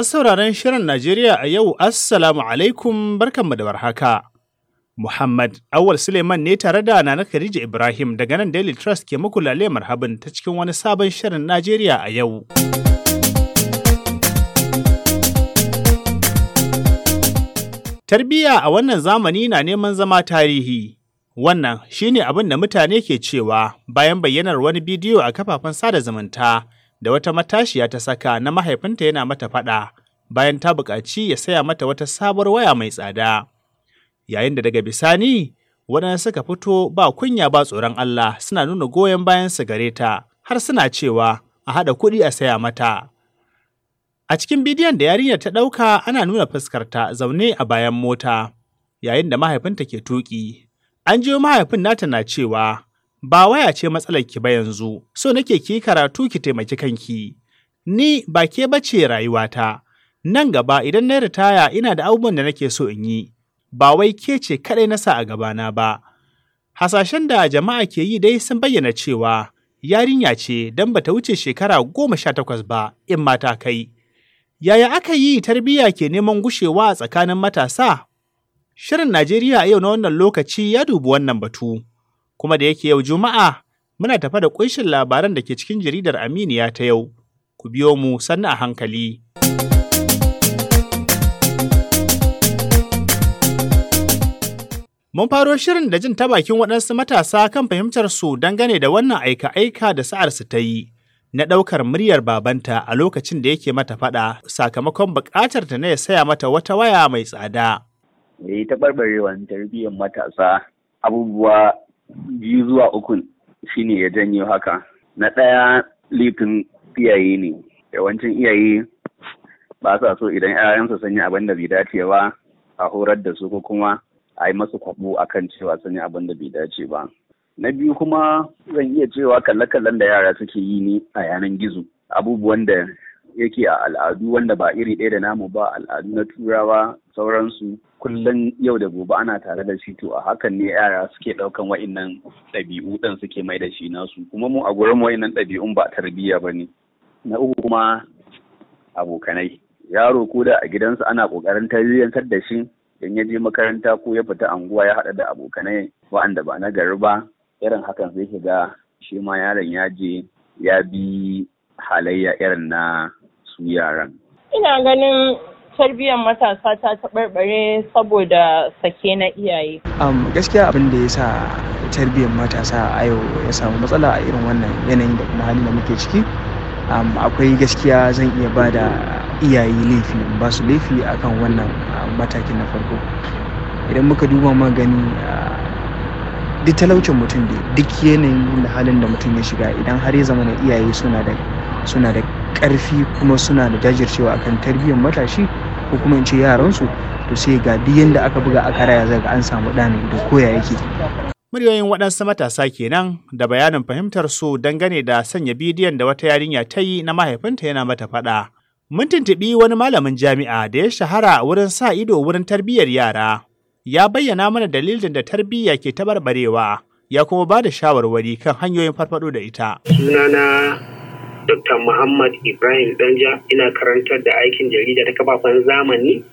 Masu sauraron Shirin Najeriya a yau, Assalamu alaikum barkanmu da warhaka. Muhammad Awal Suleiman ne tare da Nana Khadija Ibrahim daga nan Daily Trust ke muku marhabin ta cikin wani sabon Shirin Najeriya a yau. Tarbiyya a wannan zamani na neman zama tarihi. Wannan shine abin da mutane ke cewa bayan bayyanar wani bidiyo a kafafen sada zumunta. da wata matashiya ta saka na mahaifinta yana mata faɗa bayan ta buƙaci ya saya mata wata sabuwar waya mai tsada. Yayin da daga bisani, waɗanda suka fito ba kunya ba tsoron Allah suna nuna goyon bayan su gare ta har suna cewa a haɗa kuɗi a saya mata. A cikin bidiyon da yarinyar ta ɗauka ana nuna fuskarta zaune a bayan mota, yayin da mahaifinta ke tuƙi. An jiyo mahaifin nata na cewa, ba waya ce matsalar ki ba yanzu, so nake ki karatu ki taimaki kanki. Ni ba ke bace rayuwata, nan gaba idan na ritaya ina da abubuwan da nake so in yi, ba wai ke ce kaɗai na sa a gabana ba. Hasashen da jama'a ke yi dai sun bayyana cewa yarinya ce don ba ta wuce shekara goma sha takwas ba in mata kai. Yaya aka yi tarbiyya ke neman gushewa a tsakanin matasa? Shirin Najeriya a yau na wannan lokaci ya dubi wannan batu. Kuma da yake yau Juma'a muna tafa da ƙunshin labaran da ke cikin jaridar Aminiya ta yau. Ku biyo mu sannu a hankali. Mun faro shirin da jin ta bakin waɗansu matasa kan fahimtar su dangane da wannan aika-aika da sa'arsu su ta yi na ɗaukar muryar babanta a lokacin da yake mata faɗa sakamakon buƙatar ta na ya saya mata wata waya mai tsada. Da ta barbarewar tarbiyyar matasa abubuwa biyu zuwa ukun shine ya janyo haka na ɗaya lifin iyaye ne yawancin iyaye ba sa so idan 'ya'yansu sun yi abin da bai dace ba a horar da su ko kuma a yi masu kwabo akan cewa sun yi abin da bai dace ba na biyu kuma zan iya cewa kalle-kallen da yara suke yi ne a yanan gizo abubuwan da yake a al'adu wanda ba iri ɗaya da namu ba al'adu na turawa sauransu kullum yau da gobe ana tare da shi to a hakan ne yara suke ɗaukan wa'innan ɗabi'u ɗin suke mai da shi nasu kuma mu a gurin wa'innan ɗabi'un ba tarbiyya ba ne na uku kuma abokanai yaro ko da a gidansa ana ƙoƙarin tarbiyyantar da shi idan ya je makaranta ko ya fita anguwa ya haɗa da abokanai wa'anda ba na gari ba irin hakan sai ga shi ma yaron ya je ya bi halayya irin na su yaran? Ina ganin tarbiyyar matasa ta taɓarɓare saboda sake na iyaye. gaskiya abin da ya sa tarbiyyar matasa a yau ya samu matsala a irin wannan yanayin da kuma halin da muke ciki. akwai gaskiya zan iya ba da iyaye laifi ba su laifi akan wannan matakin na farko. Idan muka duba magani duk talaucin mutum duk yanayin da halin da mutum ya shiga idan har ya zama na iyaye suna da ƙarfi kuma suna da jajircewa akan tarbiyyar matashi ko kuma in ce yaransu to sai ga duk da aka buga aka raya zaga an samu ɗan da koya yake. Muryoyin waɗansu matasa kenan da bayanin fahimtar su dangane da sanya bidiyon da wata yarinya ta yi na mahaifinta yana mata faɗa. Mun tuntuɓi wani malamin jami'a da ya shahara wurin sa ido wurin tarbiyyar yara. Ya bayyana mana dalilin da tarbiyya ke tabarbarewa, ya kuma ba da shawarwari kan hanyoyin farfaɗo da ita. Sunana Dr. Muhammad Ibrahim Danja ina karantar da aikin jarida ta kafafen zamani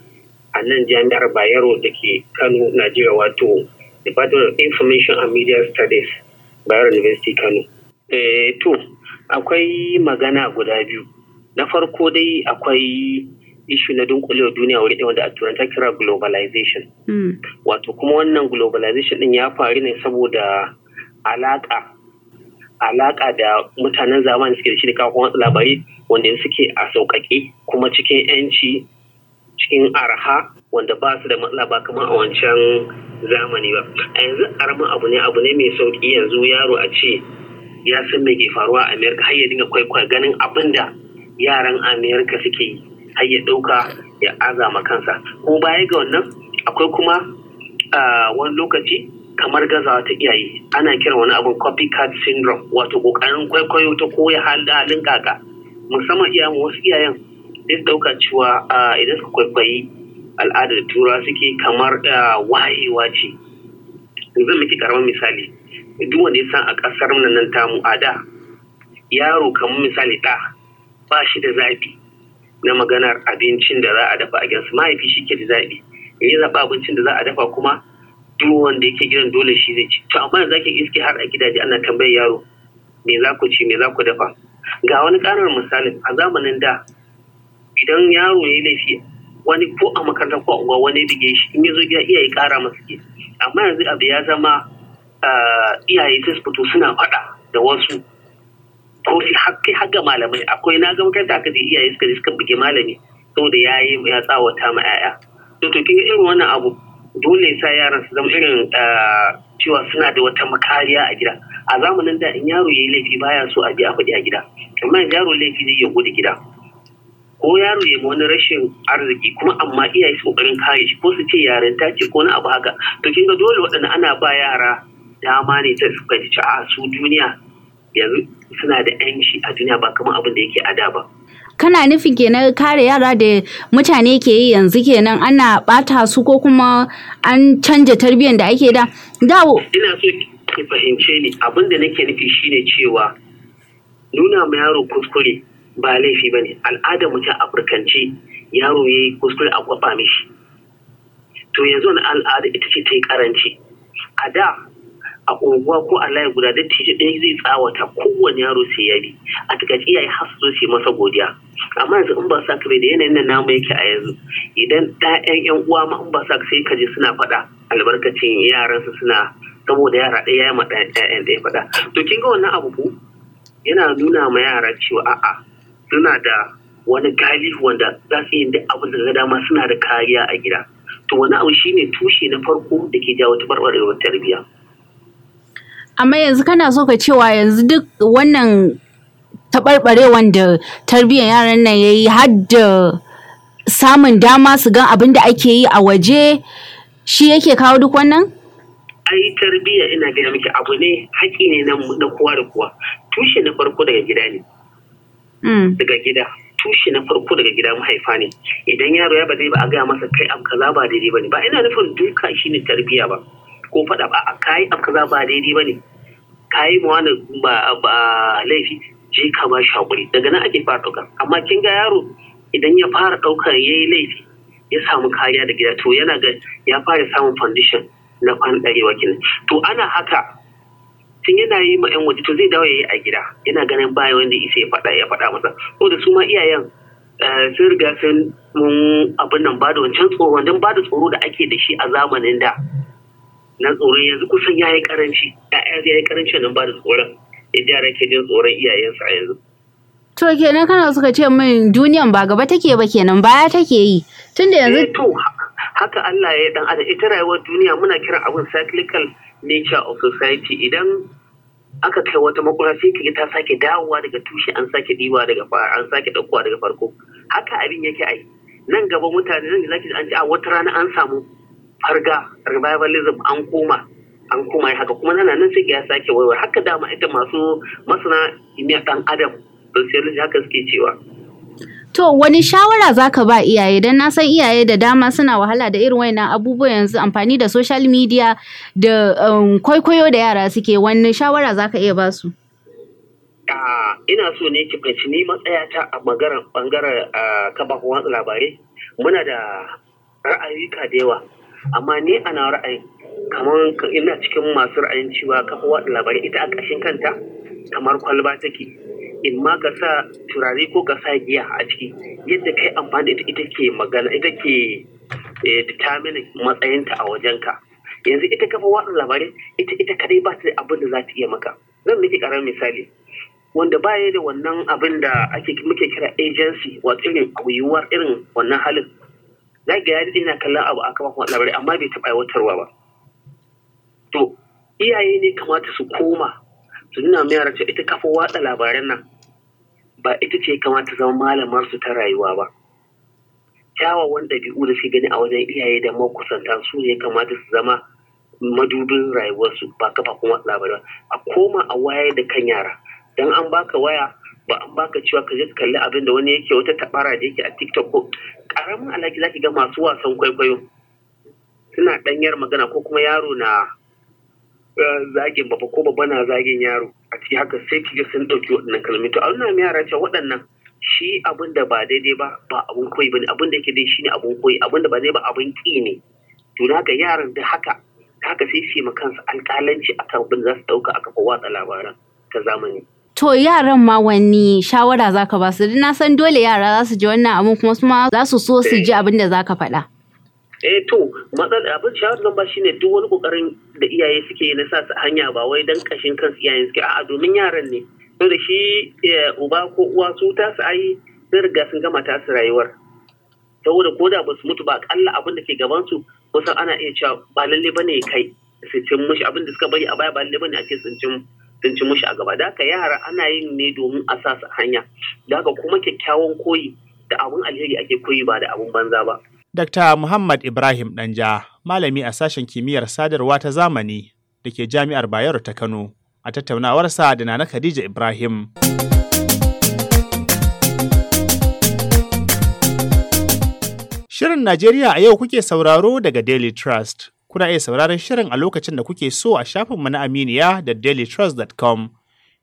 a nan jami'ar Bayero da ke Kano, Najeriya wato Department of Information and Media Studies, Bayero University Kano. Eh to, akwai magana guda biyu. Na farko dai akwai ishu na dunkulewar duniya wuri wanda a turanta kira globalization. Hmm. Wato kuma wannan globalization din ya faru ne saboda alaƙa Alaƙa da mutanen zamani suke da shi da kafin watsa labarai wanda suke a sauƙaƙe kuma cikin 'yanci cikin arha wanda ba su da matsala ba kamar a wancan zamani ba a yanzu arama abu ne abu ne mai sauƙi yanzu yaro a ce ya san me ke faruwa a amerika har ya dinga kwaikwai ganin abin da yaran amerika suke yi har ya ɗauka ya azama kansa kuma baya ga wannan akwai kuma ah, wani lokaci kamar gazawa ta iyaye ana kiran wani abin copycat syndrome wato kokarin kwaikwayo ta koya halin kaka musamman iyayen wasu iyayen Duk su dauka cewa idan suka kwaikwayi al'adar tura suke kamar wayewa ce zan miki karamar misali duk wanda ya san a kasar nan nan tamu a da yaro kamar misali da, ba shi da zaɓi na maganar abincin da za a dafa a gidansu mahaifi shi ke da zaɓi in ya zaɓa abincin da za a dafa kuma duk wanda yake gidan dole shi zai ci to amma za ki iske har a gidaje ana tambayar yaro me za ku ci me za ku dafa ga wani karar misalin a zamanin da idan yaro ya yi laifi wani ko a makaranta ko a unguwa wani bige shi in ya zo gida iyaye kara masa ke amma yanzu abu ya zama iyaye sun fito suna faɗa da wasu ko shi hakki haka malamai akwai na ga makaranta aka je iyaye suka je suka buge malami saboda ya yi ya tsawata ma 'ya'ya to to kin irin wannan abu dole sa yaran su zama irin eh, cewa suna da wata makariya a gida a zamanin da in yaro ya yi laifi baya so a biya kuɗi a gida amma yaro laifi zai iya gudu gida ko yaro ya wani rashin arziki kuma amma iyaye su kokarin kare shi ko su ce yaren ta ce ko na abu haka to kinga dole waɗanda ana ba yara dama ne ta su fahimci a su duniya yanzu suna da yanci a duniya ba kamar abin da yake a da ba kana nufin kenan kare yara da mutane ke yi yanzu kenan ana bata su ko kuma an canja tarbiyyar da ake da da ina so ki fahimce ni abin da nake nufi shine cewa nuna ma yaro kuskure ba laifi bane al'adar mutum, ta afirkanci yaro yayi kuskure a kwafa mishi to yanzu wani al'ada ita ce ta yi karanci a da a unguwa ko a layi guda dattijo ɗaya zai tsawata kowane yaro sai ya bi a takaice iyaye har su zo masa godiya amma yanzu in ba sa ka da yanayin nan namu yake a yanzu idan ɗayan yan uwa ma in ba sa sai ka je suna faɗa albarkacin yaransu suna saboda yara ɗaya ya ma ɗayan ɗaya faɗa to kin ga wannan abu ku yana nuna ma yara cewa a'a suna da wani galihu wanda za su yi duk abin da dama suna da kariya a gida to wani abu shine tushe na farko da ke jawo tabarbarewar tarbiyya amma yanzu kana so ka cewa yanzu duk wannan taɓarɓarewan da tarbiyyar yaran nan ya yi hadda samun dama su gan abin da ake yi a waje shi yake kawo duk wannan? ai tarbiyya ina gaya miki abu ne haƙƙi ne na kowa da kowa tushe na farko daga gida ne mm. daga gida tushe na farko daga gida mahaifa ne idan yaro ya ba zai ba a gaya masa kai abu kaza ba daidai ba ne ba ina nufin duka shi ne tarbiyya ba ko faɗa ba a kayi abu kaza ba daidai ba ne kayi ma ba laifi je ka ba shi hakuri daga nan ake fara ɗauka amma kin ga yaro idan ya fara ɗaukar ya yi laifi ya samu kariya da gida to yana ga ya fara samun foundation na kwan ɗarewa kenan to ana haka tun yana yi ma 'yan waje to zai dawo ya yi a gida yana ganin baya wanda isa ya faɗa ya faɗa masa to da su ma iyayen eh, sun riga sun mun abin nan ba da wancan tsoro don ba da tsoro da ake da shi a zamanin da na tsoron yanzu kusan ya yi karanci ya yi karanci nan ba da tsoron yadda yaran ke jin tsoron iyayensu a yanzu. To kenan kana suka ce min duniyan ba gaba take ba kenan baya take yi tunda eh yanzu. To haka Allah ya dan adam ita rayuwar duniya muna kiran abin cyclical nature of society idan aka kai wata makura sai ka ta sake dawowa daga tushe an sake diwa daga an sake daukowa daga farko haka abin yake ai nan gaba mutane nan zaki an ji a wata rana an samu farga revivalism an koma an kuma haka kuma nana nan sai ya sake waiwar haka dama ita masu masana kimiyya dan adam sociology haka suke cewa To wani shawara zaka ba iyaye don na san iyaye da dama suna wahala da irin wayannan abubuwa yanzu amfani da social media da um, kwaikwayo da yara suke wani shawara zaka iya basu? ina so ne ki fahimci ni matsaya ta a bangaren bangaren watsa labarai muna da ra'ayi ka da yawa amma ni ana ra'ayi. kamar ina cikin masu ra'ayin cewa kafa waɗa labarai ita a ƙashin kanta kamar kwalba take in ma ka sa turare ko ka sa giya a ciki yadda kai amfani da ita ke magana ita ke eh, determining matsayinta a wajenka yanzu ita kafa watsa labarai ita ita kadai ba ta da abin da za ta iya maka zan miki karamin misali wanda baya da wannan abin da ake muke kira agency wato irin yiwuwar irin wannan halin za ga yadda ina kallon abu a kafa labarai amma bai taɓa aiwatarwa ba to iyaye ne kamata su koma su nuna mai yara ita kafa watsa labaran nan ba ita ce kamata zama malamar su ta rayuwa ba kyawawan ɗabi'u da suke gani a wajen iyaye da makusanta su ne kamata su zama madubin rayuwarsu ba kafa kuma labarai a koma a wayar da kan yara dan an baka waya ba an baka cewa ka je ka kalli abin da wani yake wata tabara da yake a TikTok ko karamin alaki zaki ga masu wasan kwaikwayo suna ɗanyar magana ko kuma yaro na zagin baba, ko baba na zagin yaro a ci haka sai kiga sun ɗauki waɗannan kalmomi to nuna ma yara ce waɗannan shi abin da ba daidai ba ba abin koyi bane abin da yake dai shine abin koyi abin da ba daidai ba abin ki ne to haka yaran da haka haka sai su ma kansu alƙalanci akan abin da za su ɗauka a kafa watsa labaran ta zamani To yaran ma wani shawara zaka ba su na san dole yara za su ji wannan abin kuma su ma za su so su ji eh. abin da zaka faɗa. eh to matsal abin shawar nan ba shine duk wani kokarin da iyaye suke na sa su hanya ba wai dan kashin kansu iyayen suke a'a domin yaran ne da shi eh, uba ko uwa su ta su ayi sun riga sun gama ta su rayuwar saboda ko da ba su mutu ba akalla abin da ke gaban su kusan ana iya cewa ba lalle bane kai su cin mushi abin da suka bari a baya ba lalle bane ake sun cin sun ci mushi a gaba da haka yara ana yin ne domin a sa su hanya da haka kuma kyakkyawan koyi da abun alheri ake koyi ba da abun banza ba Dr. Muhammad Ibrahim Danja, malami a sashen kimiyyar sadarwa ta zamani da ke Jami'ar Bayero ta Kano, a tattaunawar sa da Nana Khadija Ibrahim. Shirin Najeriya a yau kuke sauraro daga Daily Trust. Kuna iya sauraron shirin a lokacin da kuke so a shafinmu na Aminiya da dailytrust.com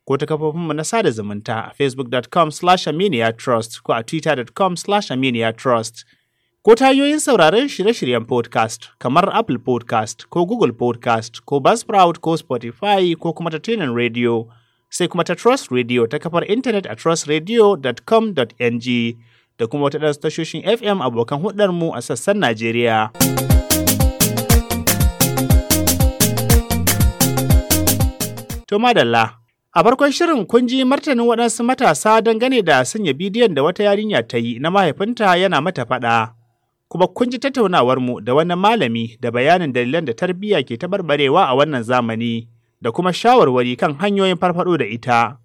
ko ta kafofinmu na sada zumunta a facebookcom aminiyatrust ko a twittercom aminiyatrust ko ta hanyoyin sauraron shirye-shiryen podcast kamar Apple podcast ko Google podcast ko Buzzsprout ko Spotify ko kuma ta tunin radio sai kuma ta Trust Radio ta kafar intanet a trustradio.com.ng da kuma wata ɗansu tashoshin FM abokan mu a sassan Najeriya. To madalla, a farkon shirin kun ji martanin waɗansu matasa dangane da sanya bidiyon da wata yarinya ta yi na mahaifinta yana mata faɗa. kuma kun ji tattaunawarmu da wani malami da bayanin dalilan da tarbiyya ke tabarbarewa a wannan zamani da kuma shawarwari kan hanyoyin farfaɗo da ita.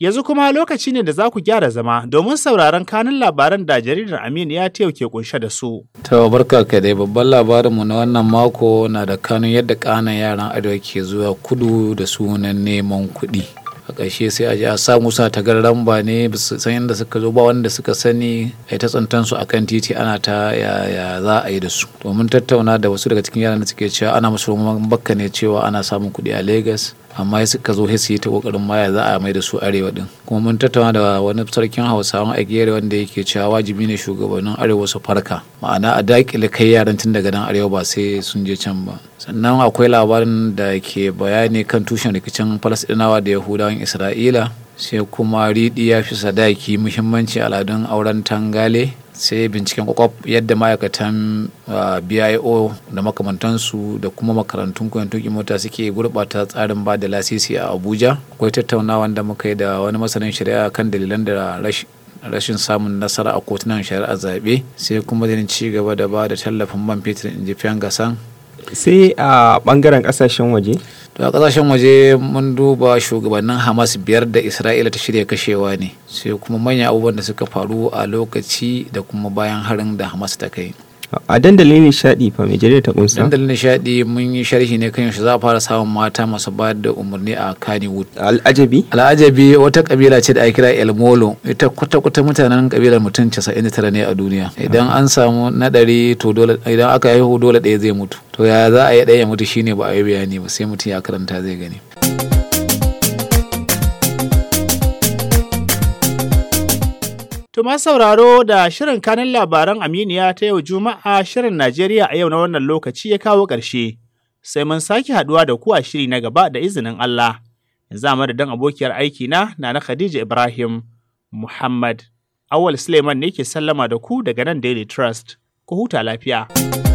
Yanzu kuma lokaci ne da za ku gyara zama domin sauraron kanun labaran da jaridar Aminu ya ta ke kunshe da su. To barka ka dai babban labarinmu na wannan mako na da kanun yadda ƙanan yaran ado ke zuwa kudu da sunan neman kuɗi. a ƙarshe sai a je a musa ta garan ba ne san inda suka zo ba wanda suka sani a ta tsantan su akan titi ana ta ya za a yi da su domin tattauna da wasu daga cikin yaran da suke cewa ana musu bakka ne cewa ana samun kuɗi a Legas amma ya suka zo sai ta kokarin maya za a mai da su arewa din kuma mun tattauna da wani sarkin hausawan a gere wanda yake cewa wajibi ne shugabannin arewa su farka ma'ana a dakile kai yaran tun daga nan arewa ba sai sun je can ba sannan akwai labarin da ke bayani kan tushen rikicin falasɗinawa da yahudawan isra'ila sai kuma riɗi ya fi sadaki muhimmanci al'adun auren tangale sai binciken kwakwaf yadda ma'aikatan ah, bio da makamantansu da kuma makarantun koyon tuki mota suke gurɓata tsarin ba da lasisi a abuja akwai tattaunawa da muka yi da wani masanin shari'a kan dalilan da rashin samun nasara a kotunan shari'a zaɓe sai kuma zai ci gaba da ba da tallafin man fetur in ji fiyan gasan sai a bangaren kasashen waje to a kasashen waje mun duba shugabannin hamas biyar da isra'ila ta shirya kashewa ne sai kuma manyan abubuwan da suka faru a lokaci da kuma bayan harin da hamas ta kai a dandalin nishadi fa mai jarida ta kunsa dandalin nishadi mun yi sharhi ne kan yaushe za a fara samun mata masu ba da umarni a Kannywood al'ajabi al'ajabi wata kabila ce da ake kira El Molo ita kwata kwata mutanen kabilar mutum tara ne a duniya idan an samu na ɗari to dole idan aka haihu dole ɗaya zai mutu to ya za a yi ɗaya ya mutu shine ba a yi bayani ba sai mutum ya karanta zai gani Tuma sauraro da shirin kanin labaran Aminiya ta yau Juma'a shirin Najeriya a yau na wannan lokaci ya kawo ƙarshe. Sai mun sake haɗuwa da ku a shiri na gaba da izinin Allah. Za mu dan abokiyar aiki na Nana Khadija Ibrahim Muhammad. Awal Suleiman ne ke sallama da ku daga nan Daily Trust. Ku huta lafiya.